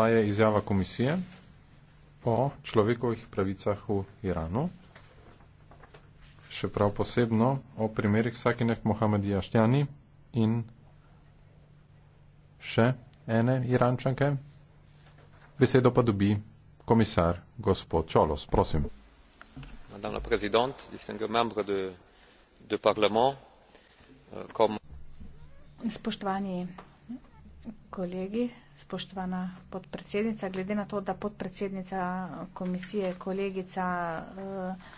Ta je izjava komisije o človekovih pravicah v Iranu. Še prav posebno o primerih Sakinek Mohamedi Aštjani in še ene Irančanke. Besedo pa dobi komisar gospod Čolos. Prosim. Madame la présidente, distingue membre de, de parlement, euh, comme... Spoštovani kolegi, spoštovana podpredsednica, glede na to, da podpredsednica komisije, kolegica eh,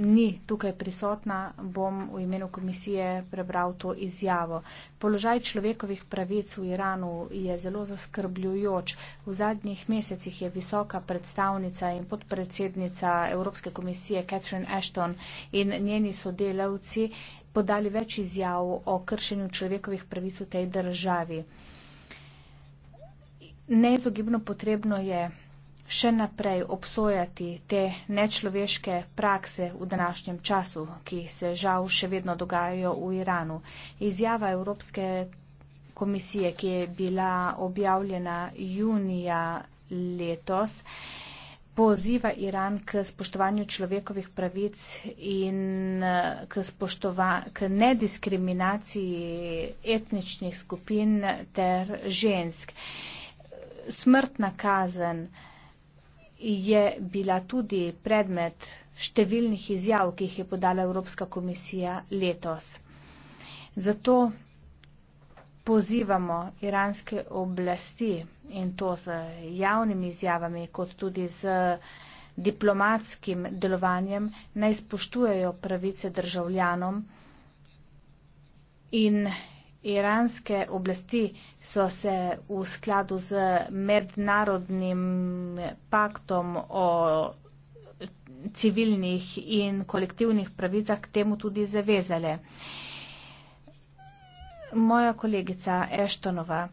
ni tukaj prisotna, bom v imenu komisije prebral to izjavo. Položaj človekovih pravic v Iranu je zelo zaskrbljujoč. V zadnjih mesecih je visoka predstavnica in podpredsednica Evropske komisije Catherine Ashton in njeni sodelavci podali več izjav o kršenju človekovih pravic v tej državi. Neizogibno potrebno je še naprej obsojati te nečloveške prakse v današnjem času, ki se žal še vedno dogajajo v Iranu. Izjava Evropske komisije, ki je bila objavljena junija letos, poziva Iran k spoštovanju človekovih pravic in eh, k, spoštova, k nediskriminaciji etničnih skupin ter žensk. Smrtna kazen je bila tudi predmet številnih izjav, ki jih je podala Evropska komisija letos. Zato pozivamo iranske oblasti, in to z javnimi izjavami, kot tudi z diplomatskim delovanjem, naj spoštujejo pravice državljanom. In iranske oblasti so se v skladu z mednarodnim paktom o civilnih in kolektivnih pravicah k temu tudi zavezale. Moja kolegica Eštonova.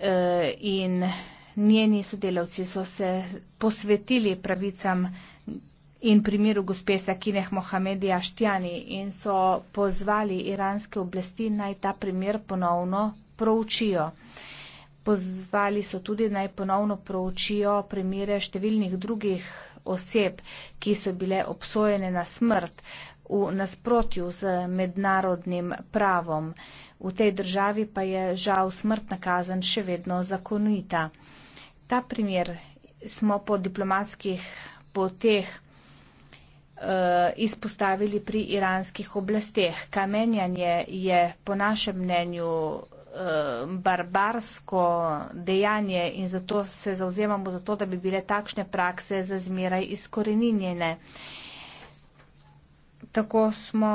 Eh, in njeni sodelavci so se posvetili pravicam in primeru gospe Sakineh Mohamedija Štjani in so pozvali iranske oblasti naj ta primer ponovno proučijo. Pozvali so tudi naj ponovno proučijo primere številnih drugih oseb, ki so bile obsojene na smrt v nasprotju z mednarodnim pravom. Uh, v tej državi pa je žal smrtna kazen še vedno zakonita. Ta primer smo po diplomatskih poteh eh, izpostavili pri iranskih oblasteh. Kamenjanje je po našem mnenju eh, barbarsko dejanje in zato se zauzemamo za to, da bi bile takšne prakse za zmeraj izkoreninjene. Tako smo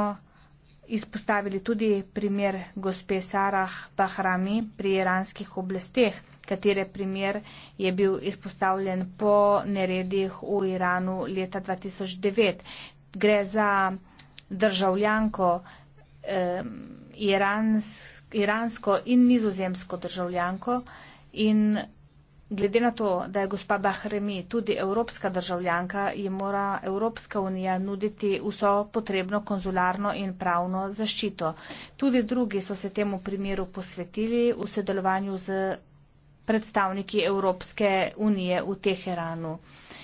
izpostavili tudi primer gospe Sarah Bahrami pri iranskih oblasteh, katere primer je bil izpostavljen po neredih v Iranu leta 2009. Gre za državljanko eh, iransk, iransko in nizozemsko državljanko in Glede na to, da je gospa Bahremi tudi evropska državljanka, ji mora Evropska unija nuditi vso potrebno konzularno in pravno zaščito. Tudi drugi so se temu primeru posvetili v sodelovanju z predstavniki Evropske unije v Teheranu. Uh,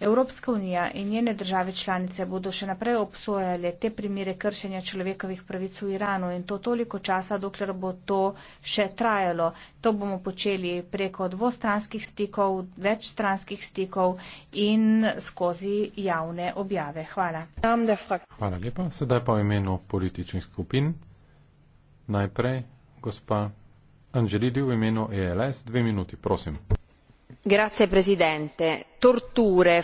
Evropska unija in njene države članice bodo še naprej obsojale te primere kršenja človekovih pravic v Iranu in to toliko časa, dokler bo to še trajalo. To bomo počeli preko dvostranskih stikov, večstranskih stikov in skozi javne objave. Hvala. Hvala lepa. Sedaj pa v imenu političnih skupin. Najprej gospa Anželidi v imenu ELS. Dve minuti, prosim torture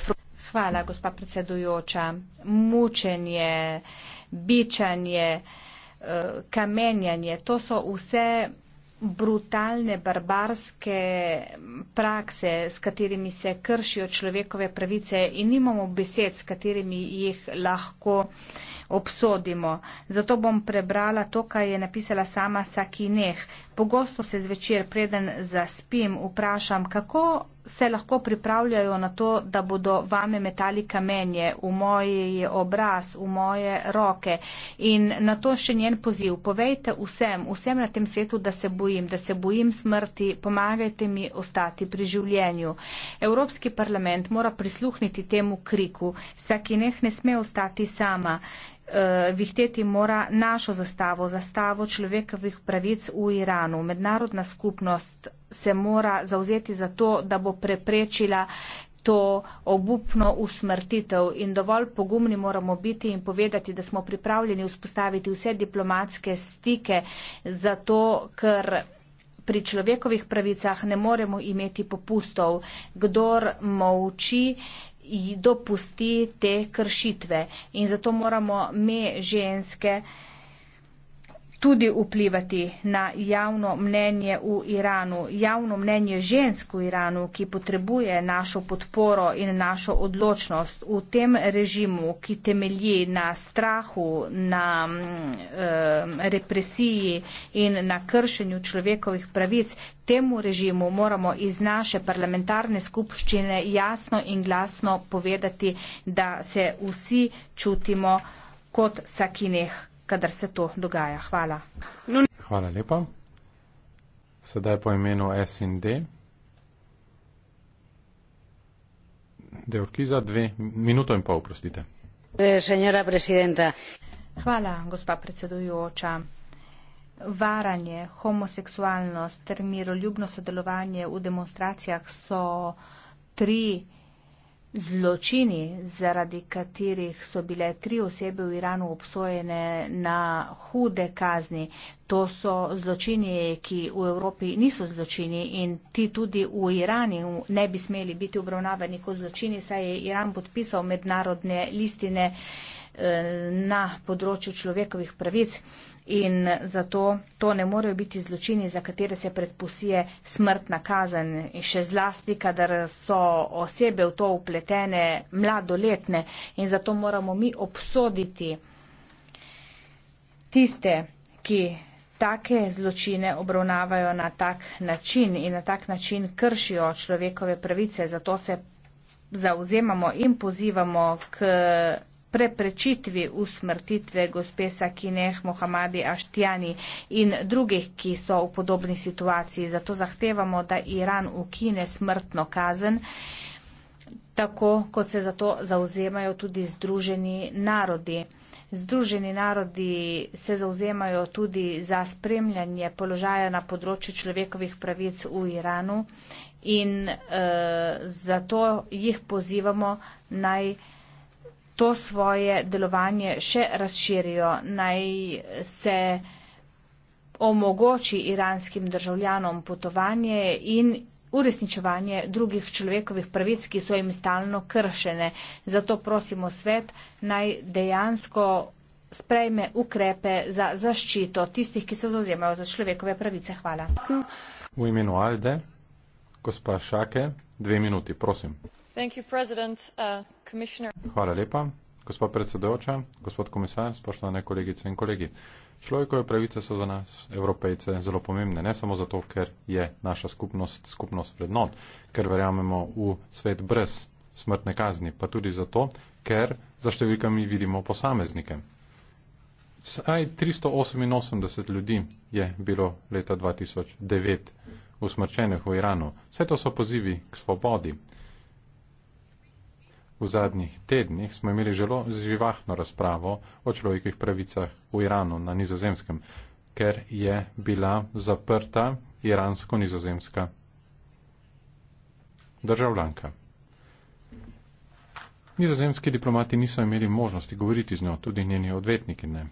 mučenje bičanje eh, kamenjanje to so vse brutalne barbarske prakse s katerimi se kršijo človekove pravice in nimamo besed s katerimi jih lahko opišemo obsodimo. Zato bom prebrala to, kar je napisala sama Sakineh. Pogosto se zvečer, preden zaspim, vprašam, kako se lahko pripravljajo na to, da bodo vame metali kamenje v moj obraz, v moje roke. In na to še njen poziv. Povejte vsem, vsem na tem svetu, da se bojim, da se bojim smrti, pomagajte mi ostati pri življenju. Evropski parlament mora prisluhniti temu kriku. Sakineh ne sme ostati sama uh, vihteti mora našo zastavo, zastavo človekovih pravic v Iranu. Mednarodna skupnost se mora zauzeti za to, da bo preprečila to obupno usmrtitev in dovolj pogumni moramo biti in povedati, da smo pripravljeni vzpostaviti vse diplomatske stike za to, ker pri človekovih pravicah ne moremo imeti popustov. Kdor molči, uh, dopusti te kršitve. In zato moramo mi ženske tudi vplivati na javno mnenje v Iranu, javno mnenje žensk v Iranu, ki potrebuje našo podporo in našo odločnost v tem režimu, ki temelji na strahu, na um, represiji in na kršenju človekovih pravic. Temu režimu moramo iz naše parlamentarne skupščine jasno in glasno povedati, da se vsi čutimo kot sakineh kadar se to dogaja. Hvala. Hvala lepa. Sedaj po imenu S in D. Deurkiza, dve minuto in pol, prostite. Hvala, gospa predsedujoča. Varanje, homoseksualnost ter miroljubno sodelovanje v demonstracijah so tri Zločini, zaradi katerih so bile tri osebe v Iranu obsojene na hude kazni, to so zločini, ki v Evropi niso zločini in ti tudi v Iranu ne bi smeli biti obravnavani kot zločini, saj je Iran podpisal mednarodne listine. Eh, na področju človekovih pravic in zato to ne morejo biti zločini, za katere se predpusije smrtna kazen. In še zlasti, kadar so osebe v to upletene mladoletne in zato moramo mi obsoditi tiste, ki take zločine obravnavajo na tak način in na tak način kršijo človekove pravice. Zato se zauzemamo in pozivamo k preprečitvi usmrtitve gospe Sakineh Mohamadi Aštjani in drugih, ki so v podobni situaciji. Zato zahtevamo, da Iran ukine smrtno kazen, tako kot se zato zauzemajo tudi Združeni narodi. Združeni narodi se zauzemajo tudi za spremljanje položaja na področju človekovih pravic v Iranu in e, zato jih pozivamo naj to svoje delovanje še razširijo, naj se omogoči iranskim državljanom potovanje in uresničevanje drugih človekovih pravic, ki so jim stalno kršene. Zato prosimo svet naj dejansko sprejme ukrepe za zaščito tistih, ki se zauzemajo za človekove pravice. Hvala. V imenu Alde, gospa Šake, dve minuti, prosim. Thank you, president. Uh, Hvala lepa, gospod predsedujoča, gospod komisar, spoštovane kolegice in kolegi. Človekove pravice so za nas, evropejce, zelo pomembne, ne samo zato, ker je naša skupnost skupnost vrednot, ker verjamemo v svet brez smrtne kazni, pa tudi zato, ker za številkami vidimo posameznike. Saj 388 ljudi je bilo leta 2009 usmrčenih v Iranu. Vse to so pozivi k svobodi v zadnjih tednih smo imeli zelo živahno razpravo o človekovih pravicah v Iranu na nizozemskem, ker je bila zaprta iransko-nizozemska državljanka. Nizozemski diplomati niso imeli možnosti govoriti z njo, tudi njeni odvetniki ne.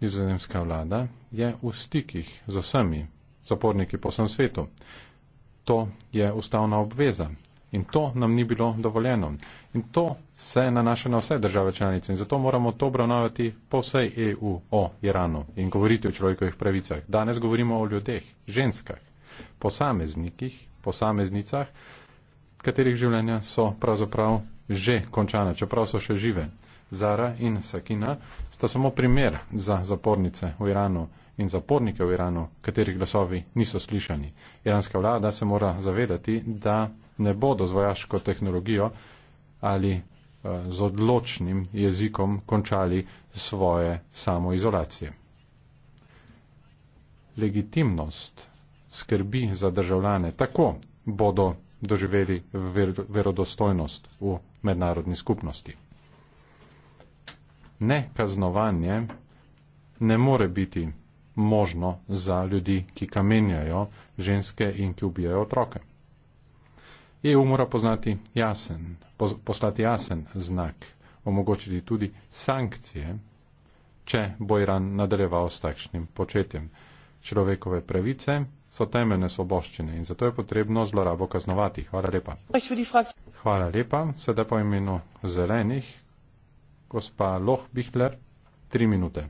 Nizozemska vlada je v stikih z vsemi zaporniki po vsem svetu. To je ustavna obveza in to nam ni bilo dovoljeno. In to se nanaša na vse države članice in zato moramo to obravnavati po vsej EU o Iranu in govoriti o človekovih pravicah. Danes govorimo o ljudeh, ženskah, posameznikih, posameznicah, katerih življenja so pravzaprav že končana, čeprav so še žive. Zara in Sakina sta samo primer za zapornice v Iranu in zapornike v Iranu, katerih glasovi niso slišani. Iranska vlada se mora zavedati, da ne bodo z vojaško tehnologijo ali eh, z odločnim jezikom končali svoje samoizolacije. Legitimnost skrbi za državljane, tako bodo doživeli ver, verodostojnost v mednarodni skupnosti. Nekaznovanje ne more biti možno za ljudi, ki kamenjajo ženske in ki ubijajo otroke. EU mora poznati jasen poslati jasen znak, omogočiti tudi sankcije, če bo Iran nadaljeval s takšnim početjem. Človekove pravice so temeljne svoboščine in zato je potrebno zlorabo kaznovati. Hvala lepa. Hvala lepa. Sedaj po imenu zelenih, gospa Loh Bihler, tri minute.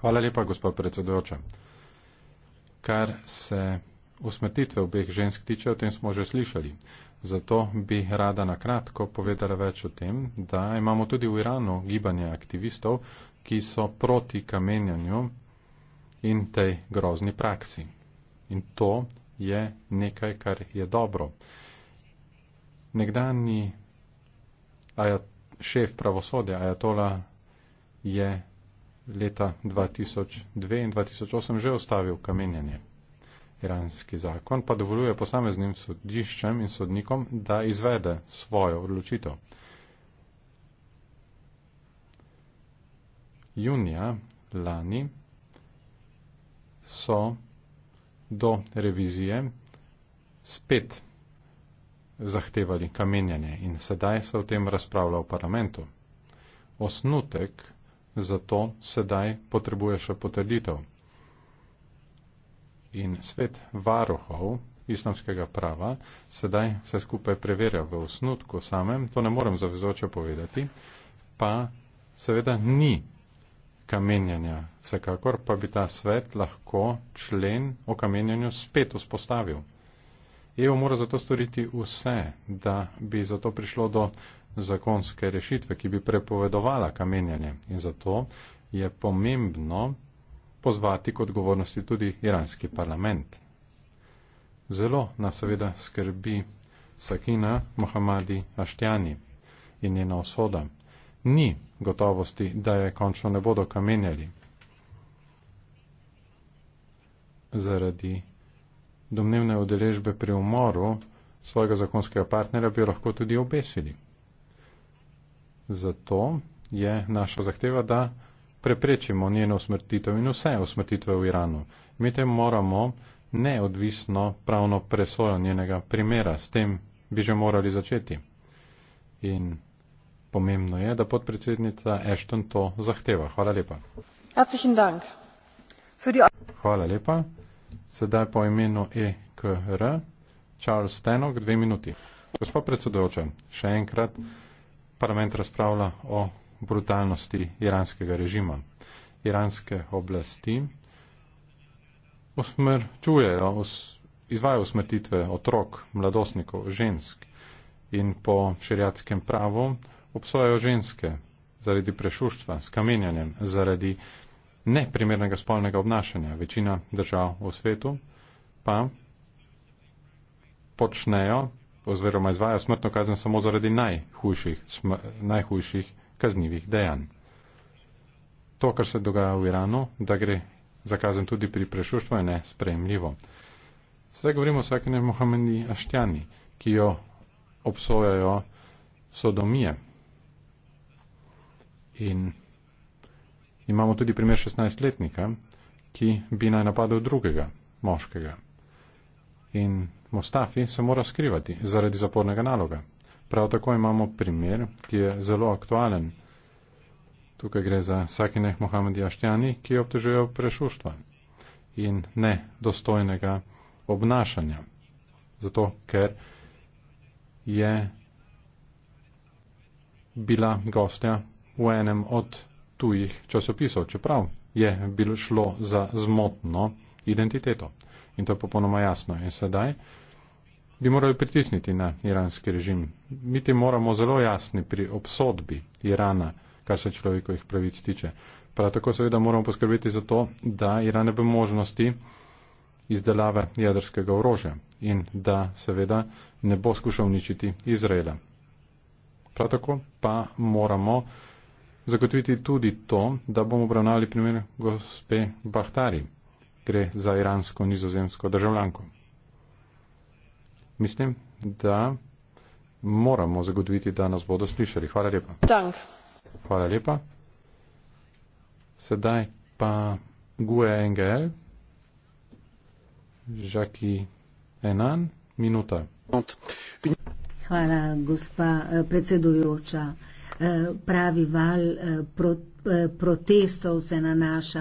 Hvala lepa, gospa predsedujoča. Kar se usmrtitve obeh žensk tiče, o tem smo že slišali. Zato bi rada na kratko povedala več o tem, da imamo tudi v Iranu gibanje aktivistov, ki so proti kamenjanju in tej grozni praksi. In to je nekaj, kar je dobro. Nekdani šef pravosodja Ajatola je leta 2002 in 2008 že ostavil kamenjanje iranski zakon pa dovoljuje posameznim sodiščem in sodnikom, da izvede svojo odločitev. Junija lani so do revizije spet zahtevali kamenjanje in sedaj se o tem razpravlja v parlamentu. Osnutek zato sedaj potrebuje še potrditev in svet varuhov islamskega prava sedaj vse skupaj preverja v osnutku samem, to ne morem zavezoče povedati, pa seveda ni kamenjanja vsekakor, pa bi ta svet lahko člen o kamenjanju spet vzpostavil. EU mora zato storiti vse, da bi zato prišlo do zakonske rešitve, ki bi prepovedovala kamenjanje. In zato je pomembno, pozvati k odgovornosti tudi iranski parlament. Zelo nas seveda skrbi Sakina Mohamadi Aštjani in njena osoda. Ni gotovosti, da je končno ne bodo kamenjali zaradi domnevne udeležbe pri umoru svojega zakonskega partnera bi jo lahko tudi obesili. Zato je naša zahteva, da preprečimo njeno usmrtitev in vse usmrtitve v Iranu. Mi tem moramo neodvisno pravno presojo njenega primera. S tem bi že morali začeti. In pomembno je, da podpredsednica Ashton to zahteva. Hvala lepa. Hvala lepa. Sedaj po imenu EKR Charles Stenok, dve minuti. Gospod predsedujoče, še enkrat parlament razpravlja o brutalnosti iranskega režima. Iranske oblasti usmrčujejo, izvajajo usmrtitve otrok, mladostnikov, žensk in po širjatskem pravu obsojajo ženske zaradi prešuštva, skamenjanjem, zaradi neprimernega spolnega obnašanja. Večina držav v svetu pa počnejo oziroma izvajajo smrtno kazen samo zaradi najhujših, smr najhujših kaznjivih dejanj. To, kar se dogaja v Iranu, da gre za kazen tudi pri prešuštvu, je nespremljivo. Sedaj govorimo o vsakene Mohamedi Aštjani, ki jo obsojajo sodomije. In imamo tudi primer 16-letnika, ki bi naj napadel drugega moškega. In Mostafi se mora skrivati zaradi zapornega naloga. Prav tako imamo primer, ki je zelo aktualen. Tukaj gre za Sakineh Mohamed Jaštjani, ki obtežujejo prešuštva in nedostojnega obnašanja. Zato, ker je bila gostja v enem od tujih časopisov, čeprav je bilo šlo za zmotno identiteto. In to je popolnoma jasno. In sedaj bi morali pritisniti na iranski režim. Mi ti moramo zelo jasni pri obsodbi Irana, kar se človekovih pravic tiče. Prav tako seveda moramo poskrbeti za to, da Iran ne bo možnosti izdelave jedrskega orožja in da seveda ne bo skušal uničiti Izraela. Prav tako pa moramo zagotoviti tudi to, da bomo obravnavali primer gospe Bahtari. Gre za iransko nizozemsko državljanko mislim, da moramo zagotoviti, da nas bodo slišali. Hvala lepa. Tank. Hvala lepa. Sedaj pa Gue NGL, Žaki Enan, minuta. Hvala, gospa eh, predsedujoča. Eh, pravi val eh, proti. Eh, protestov se nanaša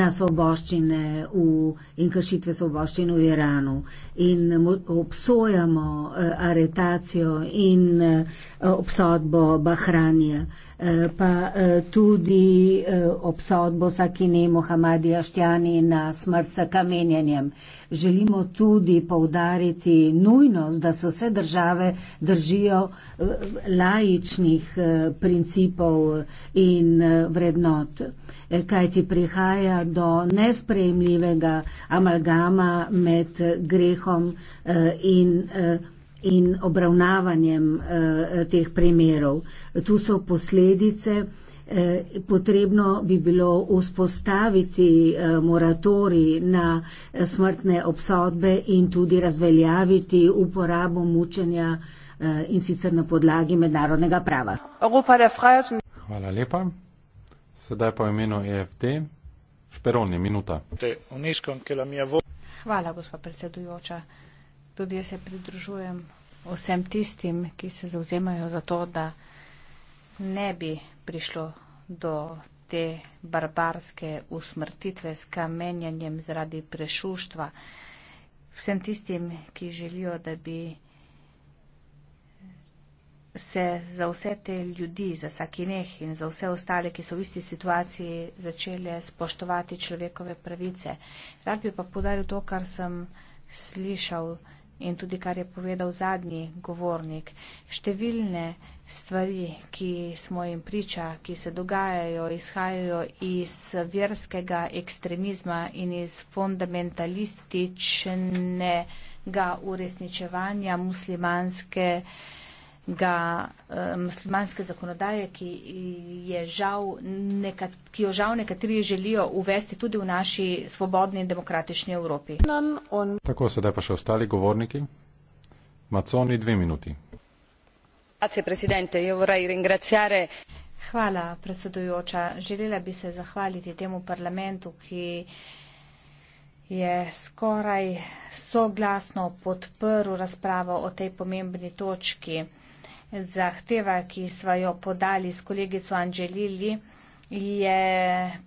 na svoboščine v, in kršitve svoboščin v Iranu in obsojamo eh, aretacijo in eh, obsodbo Bahranija, pa tudi obsodbo Sakine Mohamadija Štjani na smrt za kamenjanjem želimo tudi povdariti nujnost, da se vse države držijo eh, laičnih eh, principov eh, in vrednot. Kaj ti prihaja do nespremljivega amalgama med grehom in in obravnavanjem eh, teh primerov. Tu so posledice eh, Eh, potrebno bi bilo vzpostaviti eh, moratori na eh, smrtne obsodbe in tudi razveljaviti uporabo mučenja in sicer na podlagi mednarodnega prava. Hvala lepa. Sedaj pa v imenu EFD. Šperon je minuta. Hvala, gospod predsedujoča. Tudi jaz se pridružujem vsem tistim, ki se zauzemajo za to, da ne bi prišlo do te barbarske usmrtitve s kamenjanjem zaradi prešuštva. Vsem tistim, ki želijo, da bi se za vse te ljudi, za sakineh in za vse ostale, ki so v isti situaciji, začele spoštovati človekove pravice. Rad bi pa podaril to, kar sem slišal in tudi kar je povedal zadnji govornik, številne stvari, ki smo jim priča, ki se dogajajo, izhajajo iz verskega ekstremizma in iz fundamentalističnega uresničevanja muslimanske ga uh, muslimanske zakonodaje, ki, je žal nekat, ki jo žal nekateri želijo uvesti tudi v naši svobodni in demokratični Evropi. Tako sedaj pa še ostali govorniki. Maconi, dve minuti. Hvala, predsedujoča. Želela bi se zahvaliti temu parlamentu, ki je skoraj soglasno podprl razpravo o tej pomembni točki zahteva, ki smo jo podali s kolegico Anželili, je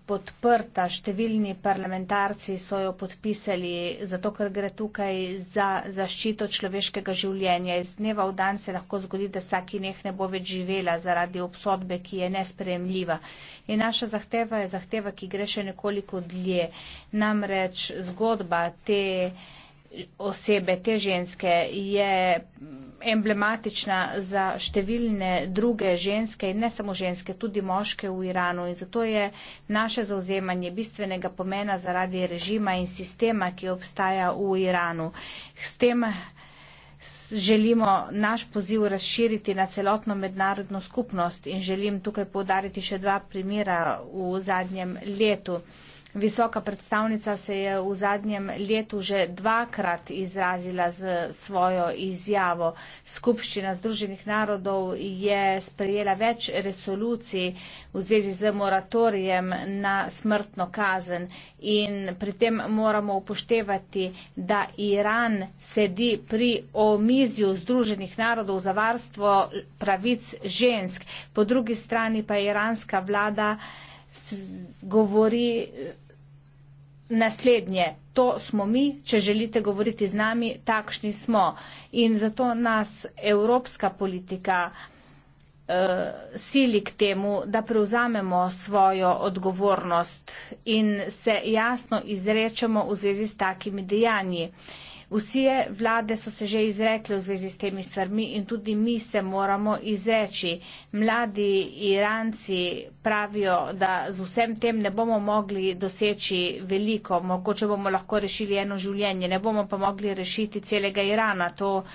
podprta, številni parlamentarci so jo podpisali, zato ker gre tukaj za zaščito človeškega življenja. Iz dneva v dan se lahko zgodi, da vsaki neh ne bo več živela zaradi obsodbe, ki je nespremljiva. In naša zahteva je zahteva, ki gre še nekoliko dlje. Namreč zgodba te osebe, te ženske je emblematična za številne druge ženske in ne samo ženske, tudi moške v Iranu. In zato je naše zauzemanje bistvenega pomena zaradi režima in sistema, ki obstaja v Iranu. S tem želimo naš poziv razširiti na celotno mednarodno skupnost in želim tukaj podariti še dva primera v zadnjem letu. Visoka predstavnica se je v zadnjem letu že dvakrat izrazila z svojo izjavo. Skupščina Združenih narodov je sprejela več resolucij v zvezi z moratorijem na smrtno kazen in pri tem moramo upoštevati, da Iran sedi pri omizju Združenih narodov za varstvo pravic žensk. Po drugi strani pa iranska vlada govori naslednje. To smo mi, če želite govoriti z nami, takšni smo. In zato nas evropska politika eh, sili k temu, da prevzamemo svojo odgovornost in se jasno izrečemo v zvezi s takimi dejanji. Eh, Vsi vlade so se že izrekli v zvezi s temi stvarmi in tudi mi se moramo izreči. Mladi Iranci pravijo, da z vsem tem ne bomo mogli doseči veliko, mogoče bomo lahko rešili eno življenje, ne bomo pa mogli rešiti celega Irana. To uh,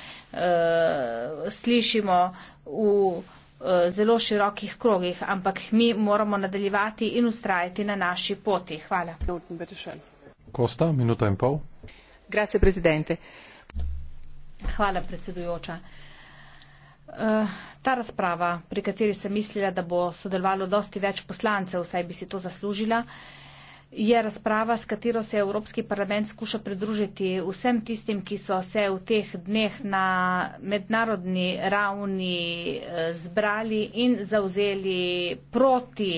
slišimo v eh, zelo širokih krogih, ampak mi moramo nadaljevati in ustrajati na naši poti. Hvala. Kosta, minuta in pol. Eh, ta razprava, pri kateri sem mislila, da bo sodelovalo dosti več poslancev, vsaj bi si to zaslužila, je razprava, s katero se je Evropski parlament skuša pridružiti vsem tistim, ki so se v teh dneh na mednarodni ravni eh, zbrali in zauzeli proti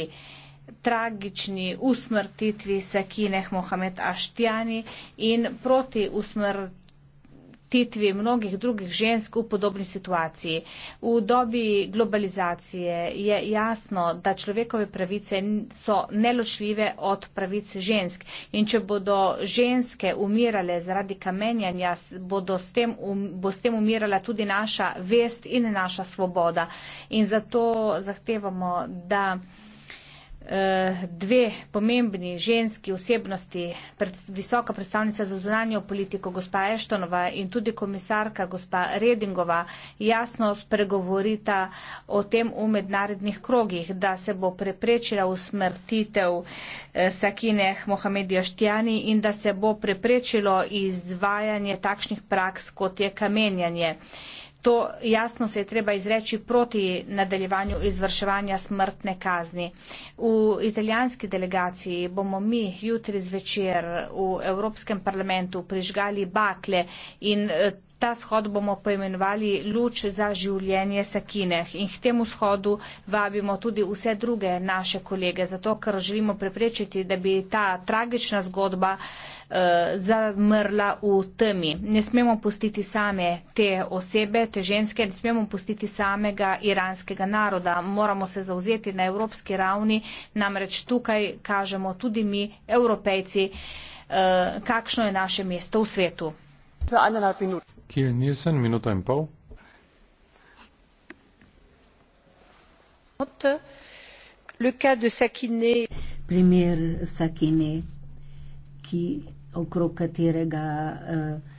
tragični usmrtitvi Sakineh Mohamed Aštjani in proti usmrtitvi titvi mnogih drugih žensk v podobni situaciji. V dobi globalizacije je jasno, da človekove pravice so neločljive od pravic žensk in če bodo ženske umirale zaradi kamenjanja, bodo s tem, um-, bo s tem umirala tudi naša vest in naša svoboda. In zato zahtevamo, da Eh, dve pomembni ženski osebnosti, pred, visoka predstavnica za zunanjo politiko gospa Eštonova in tudi komisarka gospa Redingova jasno spregovorita o tem v mednarodnih krogih, da se bo preprečila usmrtitev eh, Sakineh Mohamedija Štjani in da se bo preprečilo izvajanje takšnih praks, kot je kamenjanje. Eh, To jasno se je treba izreči proti nadaljevanju izvrševanja smrtne kazni. V italijanski delegaciji bomo mi jutri zvečer v Evropskem parlamentu prižgali bakle in eh, Ta shod bomo poimenovali Luč za življenje Sakine in k temu shodu vabimo tudi vse druge naše kolege, zato ker želimo preprečiti, da bi ta tragična zgodba eh, zamrla v temi. Ne smemo pustiti same te osebe, te ženske, ne smemo pustiti samega iranskega naroda. Moramo se zauzeti na evropski ravni, namreč tukaj kažemo tudi mi, evropejci, eh, kakšno je naše mesto v svetu. Für eineinhalb Minuten. Kiel Nielsen, minuta in pol. Le cas de Sakine. Primer Sakine, ki, okrog katerega uh,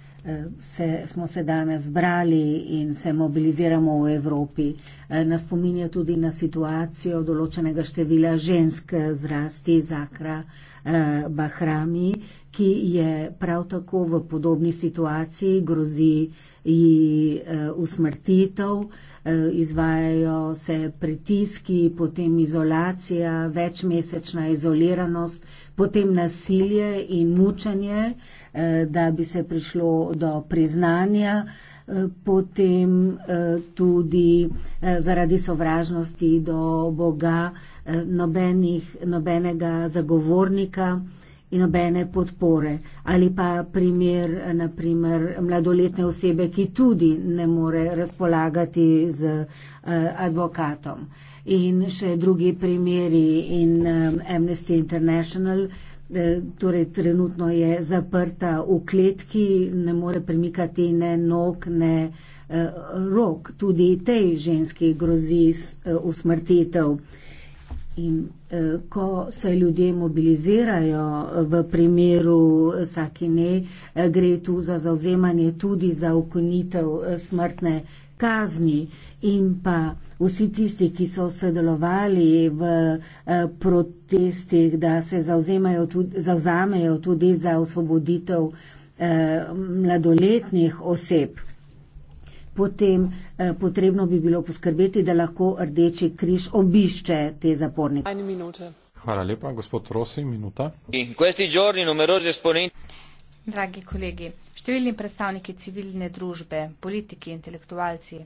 se, smo se danes zbrali in se mobiliziramo v Evropi, uh, nas pominja tudi na situacijo določenega števila žensk zrasti Zakra uh, Bahrami, uh, ki je prav tako v podobni situaciji, grozi ji eh, usmrtitev, eh, izvajajo se pritiski, potem izolacija, večmesečna izoliranost, potem nasilje in mučenje, eh, da bi se prišlo do priznanja potem tudi zaradi sovražnosti do Boga nobenih, nobenega zagovornika, in obene podpore ali pa primer naprimer, mladoletne osebe, ki tudi ne more razpolagati z eh, advokatom. In še drugi primeri in eh, Amnesty International, eh, torej trenutno je zaprta v kletki, ne more premikati ne nog, ne rok. Tudi tej ženski grozi usmrtitev. In eh, ko se ljudje mobilizirajo eh, v primeru eh, Sakine, gre tu za zauzemanje tudi za ukonitev smrtne kazni in pa vsi tisti, ki so sodelovali v protestih, da se zauzamejo tudi za osvoboditev mladoletnih oseb potem eh, potrebno bi bilo poskrbeti, da lahko Rdeči križ obišče te zapornike. Hvala lepa, gospod Rosi, minuta. Dragi kolegi, številni predstavniki civilne družbe, politiki, intelektualci,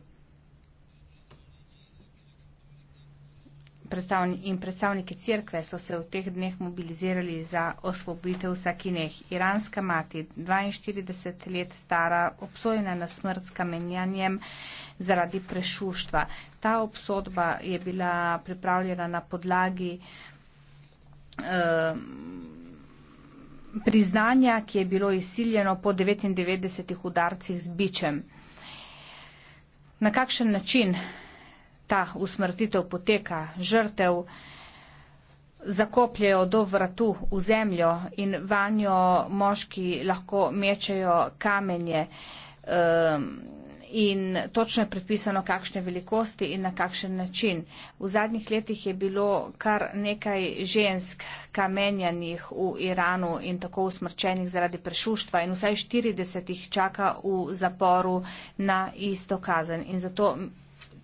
in predstavniki crkve so se v teh dneh mobilizirali za osvoboditev Sakineh. Iranska mati, 42 let stara, obsojena na smrt s kamenjanjem zaradi prešuštva. Ta obsodba je bila pripravljena na podlagi um, priznanja, ki je bilo izsiljeno po 99 udarcih z bičem. Na kakšen način? ta usmrtitev poteka, žrtev zakopljajo do vratu v zemljo in vanjo moški lahko mečejo kamenje. Um, In točno je predpisano, kakšne velikosti in na kakšen način. V zadnjih letih je bilo kar nekaj žensk kamenjanih v Iranu in tako usmrčenih zaradi prešuštva in vsaj 40 jih čaka v zaporu na isto kazen. In zato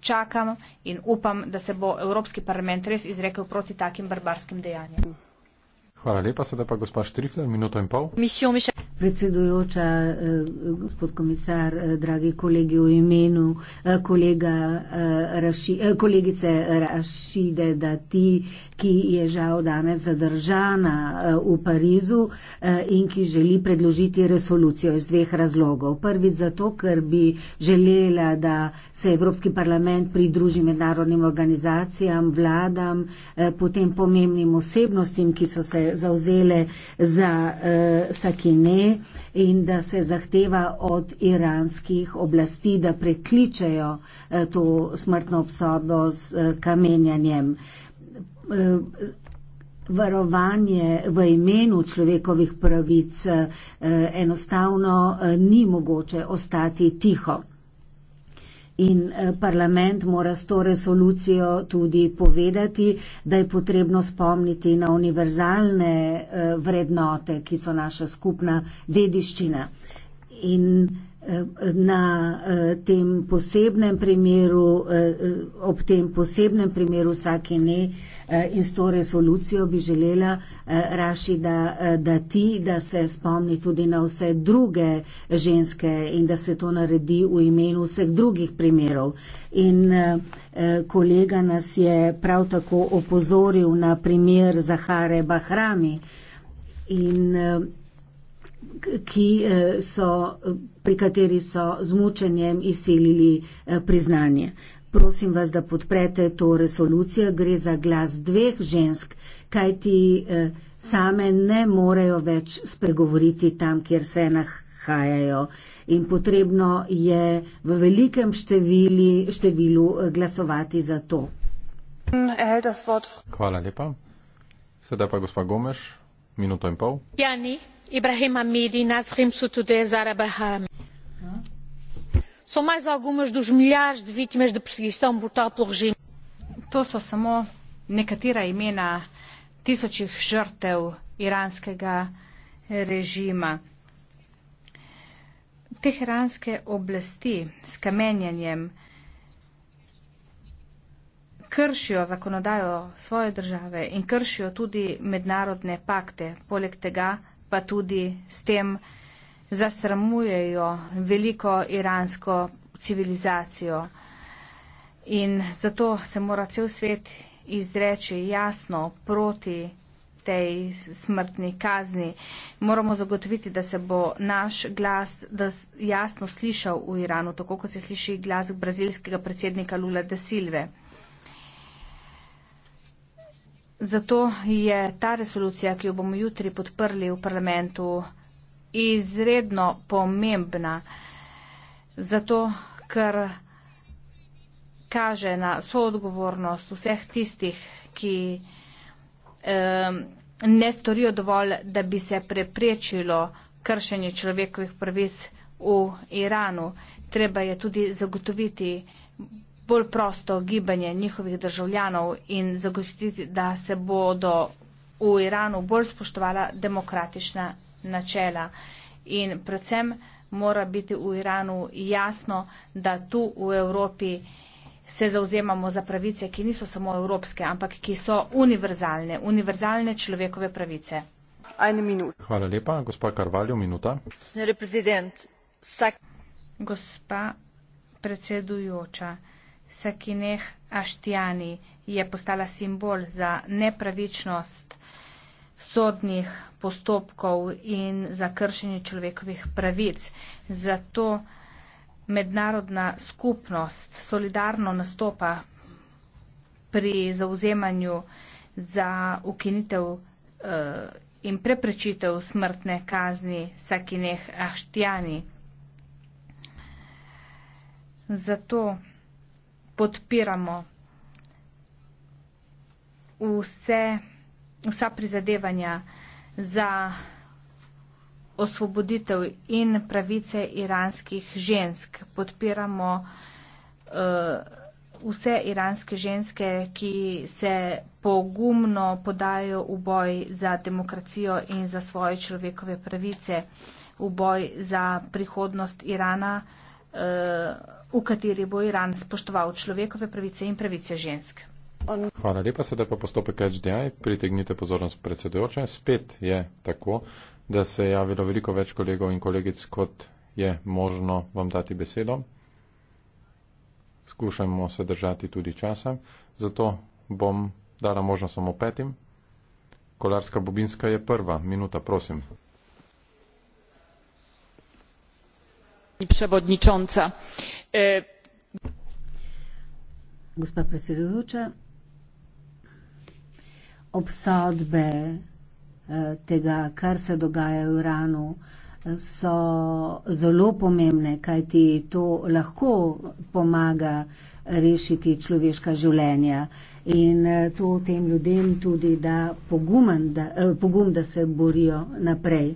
čakam in upam, da se bo Evropski parlament res izrekel proti takim barbarskim dejanjem. Hvala lepa, sedaj pa gospa Štrifler, minuto in pol. Predsedujoča, eh, gospod komisar, eh, dragi kolegi v imenu eh, kolega, Raši, kolegice Rašide, da ti ki je žal danes zadržana eh, v Parizu eh, in ki želi predložiti resolucijo iz dveh razlogov. Prvi zato, ker bi želela, da se Evropski parlament pridruži mednarodnim organizacijam, vladam, eh, potem pomembnim osebnostim, ki so se zauzele za Sakine in da se zahteva od iranskih oblasti, da prekličejo to smrtno obsodbo s kamenjanjem. Eh, varovanje v imenu človekovih pravic eh, enostavno eh, ni mogoče ostati tiho. In parlament mora s to resolucijo tudi povedati, da je potrebno spomniti na univerzalne vrednote, ki so naša skupna dediščina. In na tem posebnem primeru, ob tem posebnem primeru vsake ne, Eh, in s to resolucijo bi želela eh, Raši, da, eh, da ti, da se spomni tudi na vse druge ženske in da se to naredi v imenu vseh drugih primerov. In kolega nas je prav tako opozoril na primer Zahare Bahrami, in, ki so pri kateri so z mučenjem izsilili priznanje prosim vas, da podprete to resolucijo. Gre za glas dveh žensk, kajti eh, same ne morejo več spregovoriti tam, kjer se nahajajo. In potrebno je v velikem števili, številu eh, glasovati za to. Hvala lepa. Sedaj pa gospod Gomeš, minuto in pol são mais algumas dos milhares de vítimas de perseguição brutal pelo regime. To so samo nekatera imena tisočih žrtev iranskega režima. Teheranske oblasti s kamenjanjem kršijo zakonodajo svoje države in kršijo tudi mednarodne pakte, poleg tega pa tudi s tem zasramujejo veliko iransko civilizacijo. In zato se mora cel svet izreči jasno proti tej smrtni kazni. Moramo zagotoviti, da se bo naš glas jasno slišal v Iranu, tako kot se sliši glas brazilskega predsednika Lula de Silve. Zato je ta resolucija, ki jo bomo jutri podprli v parlamentu, izredno pomembna, zato ker kaže na soodgovornost vseh tistih, ki um, ne storijo dovolj, da bi se preprečilo kršenje človekovih pravic v Iranu. Treba je tudi zagotoviti bolj prosto gibanje njihovih državljanov in zagotoviti, da se bodo v Iranu bolj spoštovala demokratična načela. In predvsem mora biti v Iranu jasno, da tu v Evropi se zauzemamo za pravice, ki niso samo evropske, ampak ki so univerzalne, univerzalne človekove pravice. Hvala lepa. Gospa Karvaljo, minuta. Gospa predsedujoča, Sakineh Aštjani je postala simbol za nepravičnost sodnih postopkov in za kršenje človekovih pravic. Zato mednarodna skupnost solidarno nastopa pri zauzemanju za ukinitev eh, in preprečitev smrtne kazni Sakineh Aštjani. Zato podpiramo vse vsa prizadevanja za osvoboditev in pravice iranskih žensk. Podpiramo uh, vse iranske ženske, ki se pogumno podajo v boj za demokracijo in za svoje človekove pravice, v boj za prihodnost Irana, uh, v kateri bo Iran spoštoval človekove pravice in pravice žensk. Hvala lepa, sedaj pa postopek HDI. Pritegnite pozornost predsedujoče. Spet je tako, da se je javilo veliko več kolegov in kolegic, kot je možno vam dati besedo. Skušamo se držati tudi časa, zato bom dala možnost samo petim. Kolarska Bobinska je prva. Minuta, prosim. E, Gospa predsedujoča, obsodbe eh, tega, kar se dogaja v Iranu, eh, so zelo pomembne, kajti to lahko pomaga rešiti človeška življenja in eh, to tem ljudem tudi da pogum, da, eh, pogum, da se borijo naprej.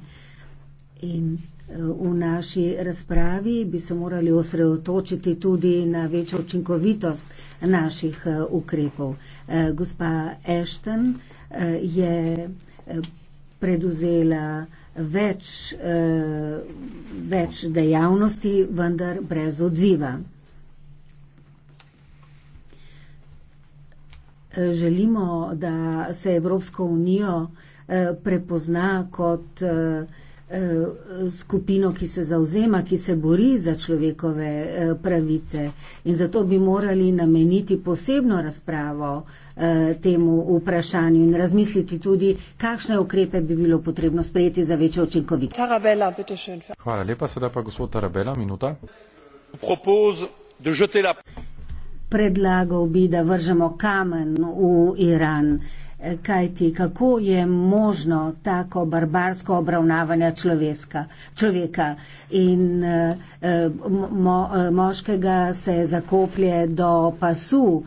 In V naši razpravi bi se morali osredotočiti tudi na večjo učinkovitost naših eh, ukrepov. Eh, gospa Ashton eh, je preduzela več, več dejavnosti, vendar brez odziva. Želimo, da se Evropsko unijo prepozna kot Eh, skupino, ki se zauzema, ki se bori za človekove eh, pravice in zato bi morali nameniti posebno razpravo eh, temu vprašanju in razmisliti tudi, kakšne ukrepe bi bilo potrebno sprejeti za večjo učinkovitost. Tarabela, Hvala lepa, sedaj pa gospod Tarabela, minuta. Predlagal bi, da vržemo kamen v Iran kaj ti, kako je možno tako barbarsko obravnavanje človeska, človeka in eh, eh, mo, eh, moškega se zakoplje do pasu,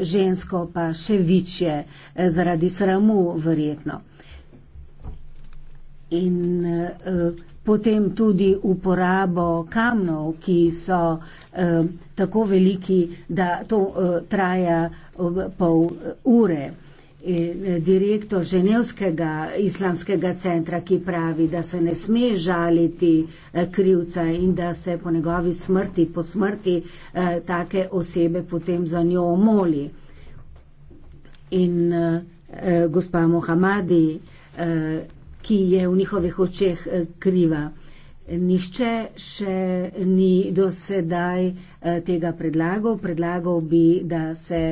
žensko pa še više, zaradi sramu verjetno. In potem tudi uporabo kamnov, ki so eh, tako veliki, da to eh, traja eh, pol ure. Eh, direktor Ženevskega islamskega centra, ki pravi, da se ne sme žaliti eh, krivca in da se po njegovi smrti, po smrti eh, take osebe potem za njo omoli. In gospa Mohamadi, ki je v njihovih očeh kriva. Nihče še ni do sedaj tega predlagal. Predlagal bi, da se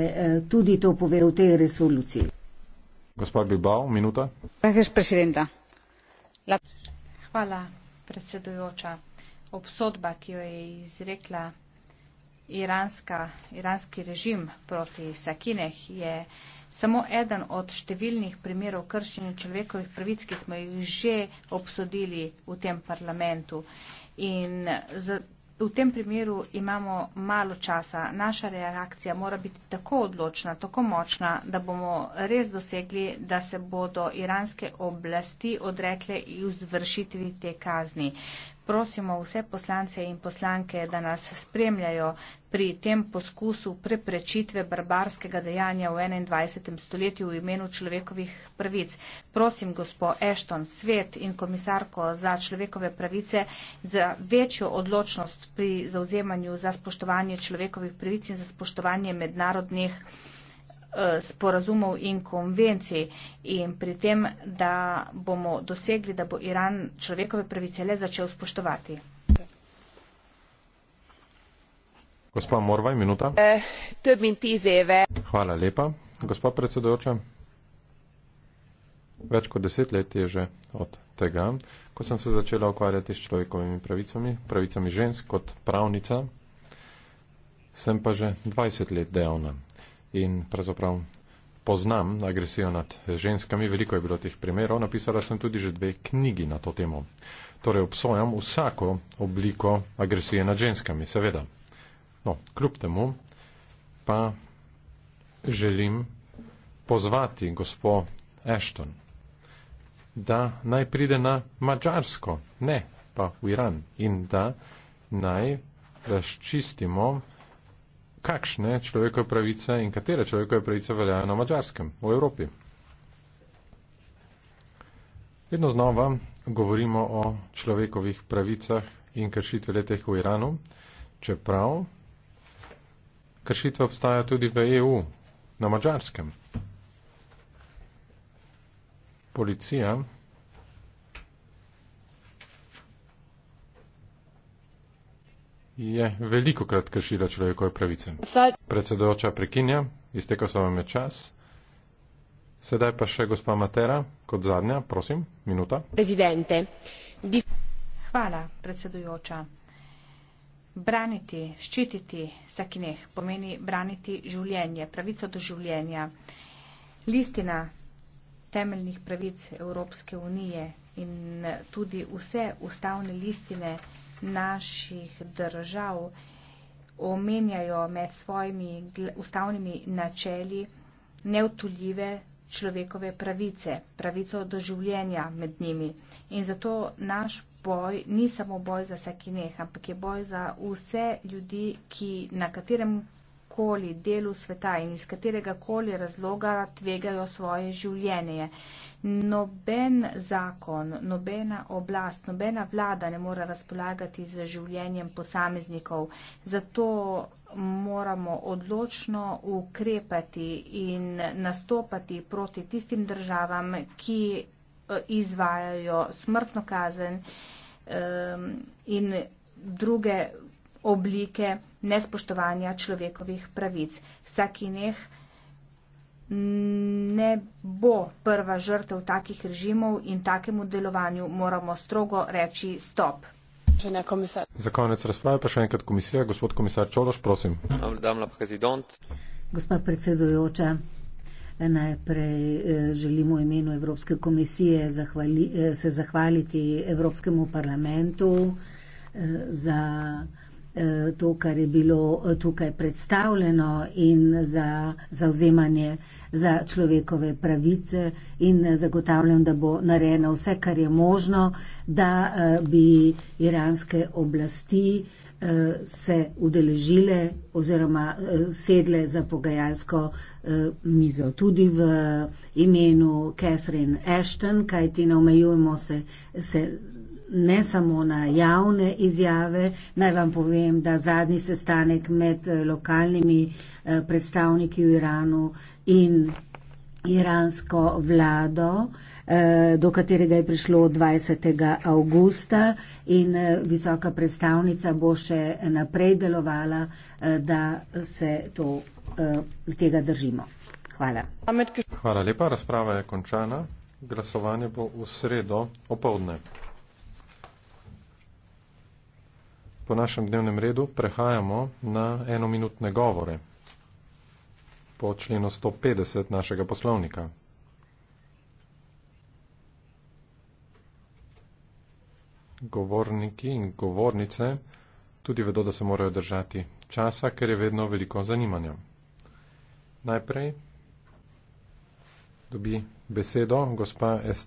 tudi to pove v tej resoluciji gospa presidenta. Hvala, predsedujoča. Obsodba, ki jo je izrekla iranska, iranski režim proti Sakineh, je samo eden od številnih primerov kršenja človekovih pravic, ki smo jih že obsodili v tem parlamentu. In za, V tem primeru imamo malo časa. Naša reakcija mora biti tako odločna, tako močna, da bomo res dosegli, da se bodo iranske oblasti odrekle izvršitvi te kazni prosimo vse poslance in poslanke, da nas spremljajo pri tem poskusu preprečitve barbarskega dejanja v 21. stoletju v imenu človekovih pravic. Prosim, gospod Ešton, svet in komisarko za človekove pravice, za večjo odločnost pri zauzemanju za spoštovanje človekovih pravic in za spoštovanje mednarodnih pravic. Eh, sporazumov in konvencij in pri tem, da bomo dosegli, da bo Iran človekove pravice le začel spoštovati. Gospa Morvaj, minuta. Eh, Hvala lepa. Gospa predsedujoča, več kot deset let je že od tega, ko sem se začela ukvarjati s človekovimi pravicami, pravicami žensk kot pravnica, sem pa že 20 let dejavna in pravzaprav poznam agresijo nad ženskami, veliko je bilo teh primerov, napisala sem tudi že dve knjigi na to temo. Torej obsojam vsako obliko agresije nad ženskami, seveda. No, kljub temu pa želim pozvati gospo Ashton, da naj pride na Mačarsko, ne pa v Iran in da naj razčistimo kakšne človekove pravice in katere človekove pravice veljajo na mačarskem, v Evropi. Vedno znova govorimo o človekovih pravicah in kršitve leteh v Iranu, čeprav kršitve obstaja tudi v EU, na mačarskem. Policija je veliko krat kršila človekove pravice. Predsedoča prekinja, iztekal se vam je čas. Sedaj pa še gospa Matera, kot zadnja, prosim, minuta. Prezidente. Di... Hvala, predsedujoča. Braniti, ščititi sakineh pomeni braniti življenje, pravico do življenja. Listina temeljnih pravic Evropske unije in tudi vse ustavne listine naših držav omenjajo med svojimi ustavnimi načeli neutuljive človekove pravice, pravico do življenja med njimi. In zato naš boj ni samo boj za Sakineh, ampak je boj za vse ljudi, ki na katerem koli delu sveta in iz katerega koli razloga tvegajo svoje življenje. Noben zakon, nobena oblast, nobena vlada ne mora razpolagati z življenjem posameznikov. Zato moramo odločno ukrepati in nastopati proti tistim državam, ki eh, izvajajo smrtno kazen ehm, in druge oblike nespoštovanja človekovih pravic. Sakineh ne bo prva žrtev takih režimov in takemu delovanju moramo strogo reči stop. Za konec razprave pa še enkrat komisija. Gospod komisar Čološ, prosim. Gospa predsedujoča, najprej eh, želimo v imenu Evropske komisije zahvali, eh, se zahvaliti Evropskemu parlamentu eh, za Eh, to, kar je bilo eh, tukaj predstavljeno in za zauzemanje za človekove pravice in eh, zagotavljam, da bo narejeno vse, kar je možno, da bi iranske oblasti se udeležile oziroma sedle za pogajalsko mizo. Tudi v imenu Catherine Ashton, kajti ne omejujemo se, se ne samo na javne izjave. Naj vam povem, da zadnji sestanek med eh, lokalnimi eh, predstavniki v Iranu in iransko vlado, eh, do katerega je prišlo 20. avgusta in visoka predstavnica bo še naprej delovala, da se to, tega držimo. Hvala. Hvala lepa, razprava je končana. Glasovanje bo v sredo opovdne. po našem dnevnem redu prehajamo na enominutne govore po členu 150 našega poslovnika. Govorniki in govornice tudi vedo, da se morajo držati časa, ker je vedno veliko zanimanja. Najprej dobi besedo gospa Est.